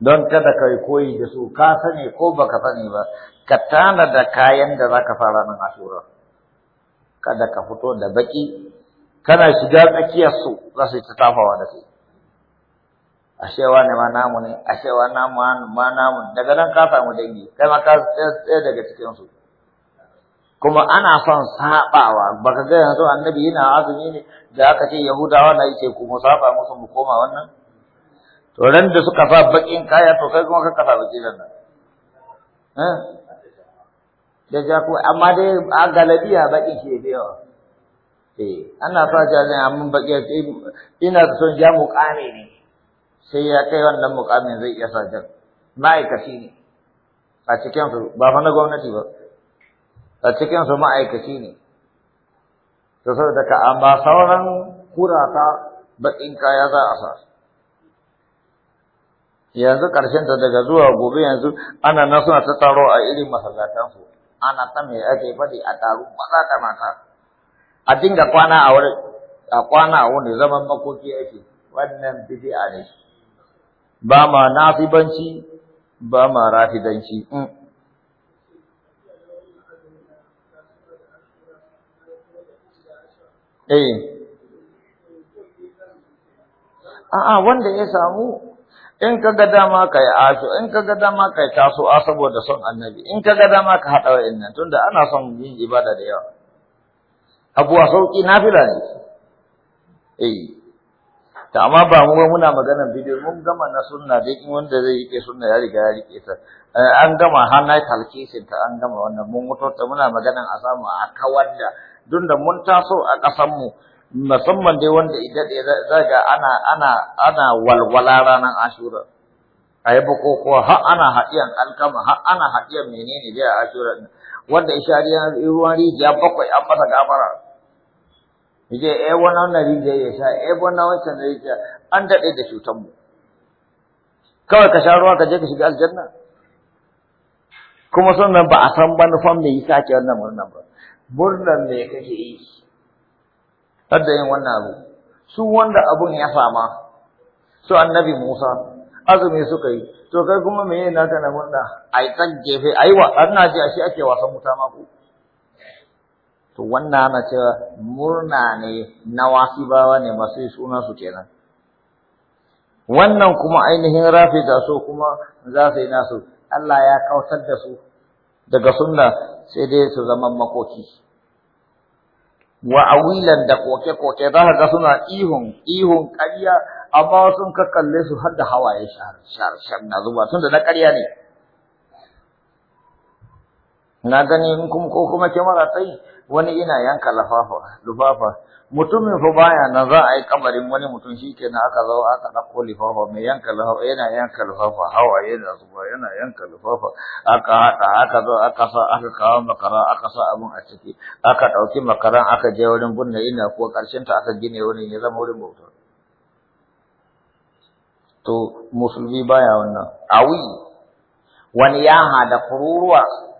Don kada ka yi koyi da su ka sani ko baka sani ba ka tana da kayan da zaka fara ranan ashura. Kada ka fito da baki kana shiga tsakiyar su za su yi ta tafawa da kai. ashewa ne ma namu ne ashewa namu ma namu daga nan ka samu dangi kai ma ka tsaye daga cikin su kuma ana son sabawa ka ga yanzu annabi yana azumi ne da aka ce yahudawa na yi ku mu saba musu mu koma wannan to ran da suka fa bakin kaya to kai kuma ka kafa bakin nan eh da ja ku amma dai a galabiya bakin ke da yawa eh ana sa jajen amma bakin ina son ja muƙami ne sai ya kai wannan muƙamin zai iya sa jar, ma'aikaci ne a cikin ba fa na gwamnati ba a cikin su ma'aikaci ne to saboda ka amma sauran kurata baƙin kaya za a sa yanzu karshen ta daga zuwa gobe yanzu ana nan suna ta taro a irin masallatan su ana ta me ake faɗi a taro maza da mata a dinga kwana a wurin a kwana a zaman makoki ake wannan bid'a ne ba ma banci ba ma rafidanci mm. eh a'a wanda ya samu in ka dama kai aso in ka dama kai taso a saboda son annabi in ka dama ka hada wa'annan tunda ana son yin ibada da yawa abuwa sauki nafila ne eh ta amma ba mu muna maganar bidiyo mun gama na sunna dai in wanda zai yi ke sunna ya riga ya rike ta eh, an gama har na kalkisin ta an gama wannan mun ta muna maganar a samu a kawar da don da mun taso a ƙasanmu musamman dai wanda idan zaga ana ana ana walwala ranar ashura a yi bukukuwa ha ana haɗiyan alkama ha ana haɗiyan menene dai a ashura wanda ishariya ruwan rijiya bakwai an masa gafara yace eh wannan na rijiya ya sha eh wannan wancan rijiya an daɗe da cutanmu kawai ka sha ruwa ka je ka shiga aljanna kuma sannan ba a san manufan me yi sake wannan murnan ba murnan me kake yi hadda yin wannan abu su wanda abun ya fama su annabi Musa azumi suka yi to kai kuma me yana naka na murna ai tan gefe ai wa na ji a shi ake wasan wuta ma ku to wannan ana cewa murna ne na bawa ne masu suna su kenan wannan kuma ainihin rafida so kuma za su yi nasu Allah ya kautar da su daga sunna sai dai su zama makoki wa awilan da koke-koke za a ga suna ihun ihun kariya amma sun ka kalle su har da hawaye shar shar na zuba tunda na karya ne na gani in kuma ko kuma kyamara tsayi wani ina yanka lafafa lufafa mutumin fa baya nan za a yi kamarin wani mutum shi na aka zo aka ɗauko lifafa mai yanka lafafa yana yanka lufafa hawa yana zuba yana yanka lufafa aka haɗa aka zo aka sa aka kawo makara aka sa abun a ciki aka ɗauki makaran aka je wurin bunna ina ko karshen ta aka gine wani ya zama wurin bauta to musulmi baya wannan awi wani yaha da kururuwa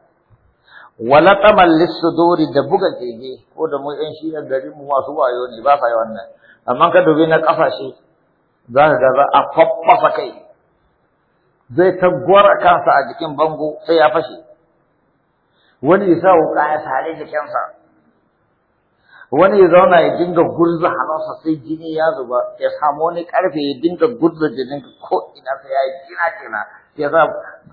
wala tamal lisuduri da buga keke, ko da mu yan shi garin mu masu wayo ne ba yi wannan amma ka dubi na shi za ka ga a faffafa kai zai ta gora kansa a jikin bango sai ya fashe wani ya sa wuka ya sare jikinsa wani ya zauna ya dinga gurza hannunsa sai jini ya zuba ya samu wani karfe ya dinga gurza jinin ko ina sai ya yi jina kenan ya za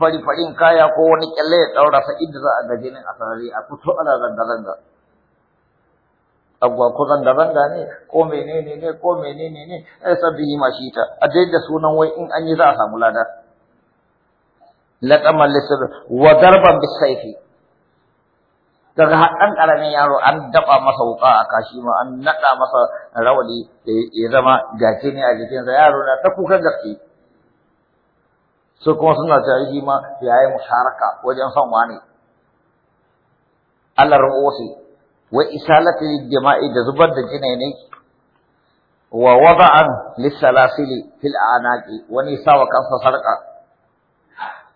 fari-farin kaya ko wani kyalle ya ɗaura sa inda za a gaji gaje a sarari a fito ana zanga-zanga abuwa ko zanga-zanga ne ko menene ne ko menene ne yi sabbin yi mashi ta a da sunan wai in an yi za a samu lada laqamal lisr wa darban bisaifi. daga haɗan ƙaramin yaro an daɓa masa wuƙa a kashi ma an naɗa masa rawani ya zama gace ne a jikinsa yaro na ta kukan gaske so kuma suna cewa shi ma ya yi musharaka wajen son wani Allah ru'usi wa isalati jama'i da zubar da jinai ne wa wada'an lisalasili fil anaqi wani sawa kansa sarka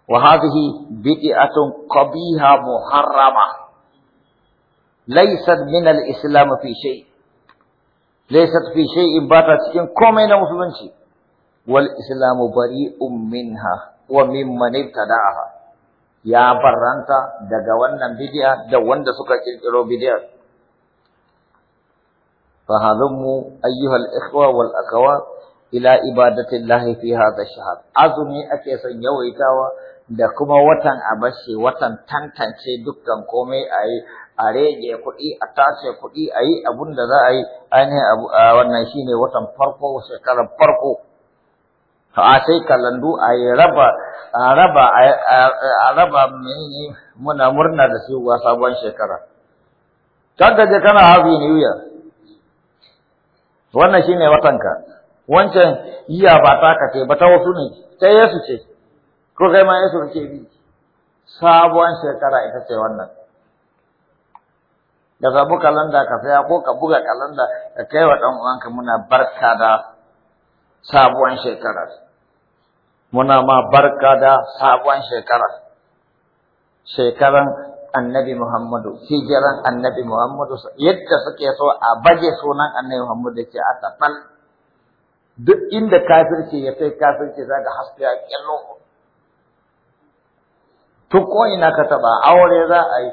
wa hadhihi bid'atun qabiha muharrama laysat min al-islam fi shay laysat fi shay'in bata cikin komai na musulunci wal islamu bari'un minha wa mimman ibtada'aha ya barranta daga wannan bidiya da wanda suka kirkiro bid'a fa hadummu ayyuhal ikhwa wal akhawat ila llahi fi hadha ash-shahr azumi ake son yawaitawa da kuma watan abashi watan tantance dukkan komai ayi a rege kuɗi a tace kuɗi ayi abun da za a yi ainihin wannan shine watan farko shekarar farko a sai kalandu a yi raba a raba muna murna da shigowa sabon shekara kan je kana happy new year wannan shine watanka wancan iya ba ta ka ce ba ta wasu ne ta Yesu ce ko kai ma Yesu kake bi sabon shekara ita ce wannan da sabu kalanda ka saya ko ka buga kalanda ka kai wa ɗan uwanka muna barka da sabuwan shekara muna ma barka da sabon shekara shekaran annabi Muhammadu hijiran annabi Muhammadu yadda suke so a baje sunan annabi Muhammadu ce a tafal duk inda kafirci ya kai kafirci ga haske a kyallo to ko ina ka taba aure za a yi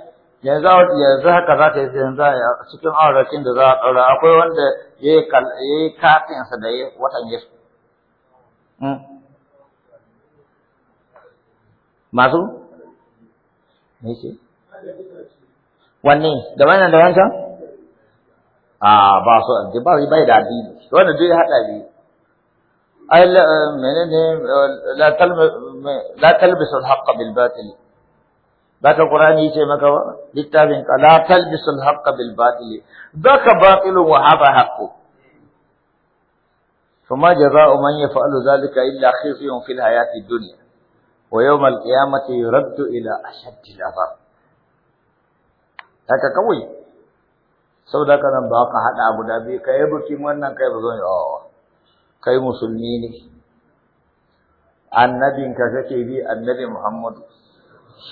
yanzu yanzu haka za ta yi yanzu a cikin aurakin da za a ɗaura akwai wanda ya yi katinsa da ya watan yesu hmm. masu me ce wanne da wannan da wancan a ba su an ba su bai da addini wannan duk ya hada biyu ai menene la talbi la talbisu al-haqq bil batil baka qur'ani yace maka ba littafin ka la talbisu al-haqq bil batil baka batilun wa haba haqqu فما جزاء من يفعل ذلك إلا خزي في الحياة الدنيا wa yawmal qiyamati yuraddu ila ashaddi azab haka kawai saboda haka nan ba ka hada abu da bi kai bukin wannan kai bazon zo ne kai musulmi ne ka kake bi annabi Muhammadu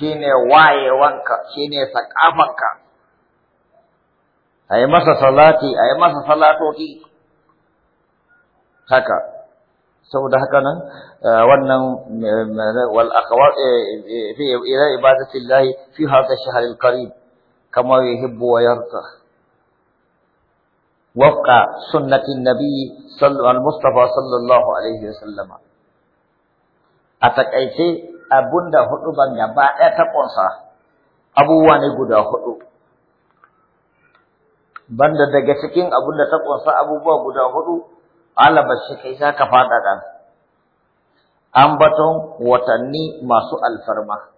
shine wayewanka shine sakamanka. ayi masa salati ayi masa salatoti haka saboda haka nan eh, wannan eh, wal aqwar eh, fi ila ibadati Allah fi hada shahr al-qarib kama yuhibbu wa yarda wafqa sunnati nabi sallallahu al-mustafa sallallahu alaihi wasallam a takaice abunda hudu ban gaba ɗaya ta ƙunsa abubuwa ne guda hudu banda daga cikin abunda ta ƙunsa abubuwa guda hudu alaba shi kai za ka faɗaɗa ambaton watanni masu alfarma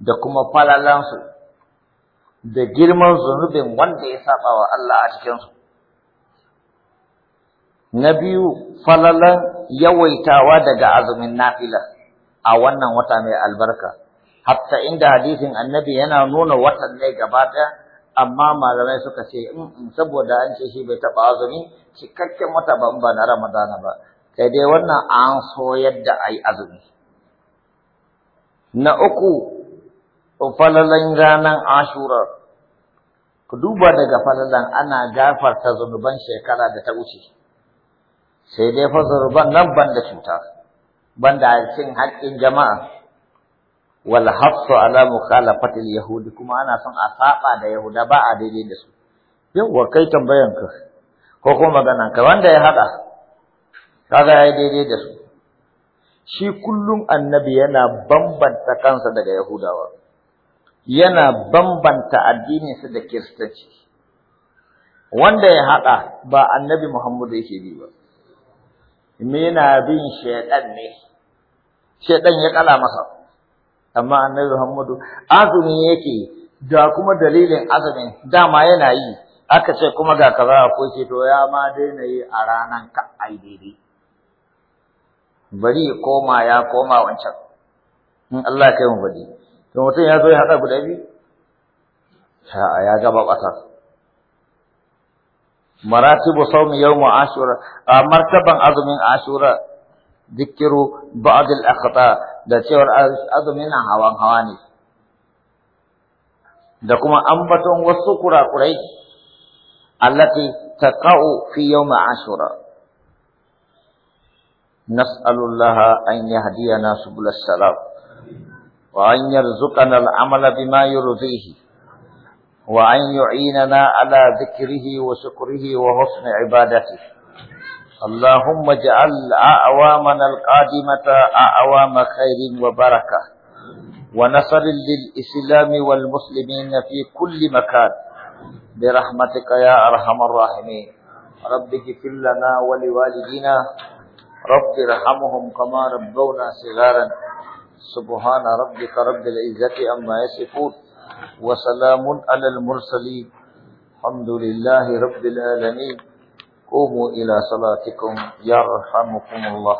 da kuma falalansu da girman zunubin wanda ya saba wa Allah a cikinsu. Na biyu falalan yawaitawa daga azumin nafila a wannan wata mai albarka, hatta inda hadisin annabi yana nuna watan ne gaba ɗaya amma malamai suka ce in mm, mm, saboda an ce shi bai taba azumi cikakken wata ban ba na ramadana ba sai dai wannan an so yadda ai azumi na uku falalan ranar ashura ku duba daga falalan ana gafarta zunuban shekara da ta wuce sai dai fa zunuban nan ban da cuta ban da cin haƙƙin jama'a wal hafsu ala al yahudi kuma ana son a saba da yahuda ba a daidai da su Yau, wa kai tambayan ka ko kuma magana ka wanda ya haɗa kaga yayi daidai da su shi kullum annabi yana bambanta kansa daga yahudawa yana bambanta addinin addininsa da kiristanci wanda ya haɗa ba annabi muhammadu yake bi ba me yana bin shaiɗan ne shaiɗan ya kala masa amma annabi Muhammadu azumi yake da kuma dalilin azumin dama yana yi aka ce kuma ga kaza akwai ce to ya ma daina yi a ranan ka ai daidai bari ya koma ya koma wancan in Allah kai mu bari to mutum ya zo ya haɗa guda biyu ya gaba ɓatar مراتب صوم a martaban azumin ashura dikiru ba'd al الأخطاء da cewar azumi na hawan hawa ne da kuma ambaton wasu kurakurai allati taqa'u fi yawm ashura nas'alullaha an yahdiyana subul salam wa an yarzuqana al-amala bima yurdihi wa an yu'inana ala dhikrihi wa shukrihi wa husni ibadatihi اللهم اجعل أعوامنا القادمة أعوام خير وبركة ونصر للإسلام والمسلمين في كل مكان برحمتك يا أرحم الراحمين رب اغفر لنا ولوالدينا رب ارحمهم كما ربونا صغارا سبحان ربك رب العزة عما يصفون وسلام على المرسلين الحمد لله رب العالمين قوموا إلى صلاتكم يرحمكم الله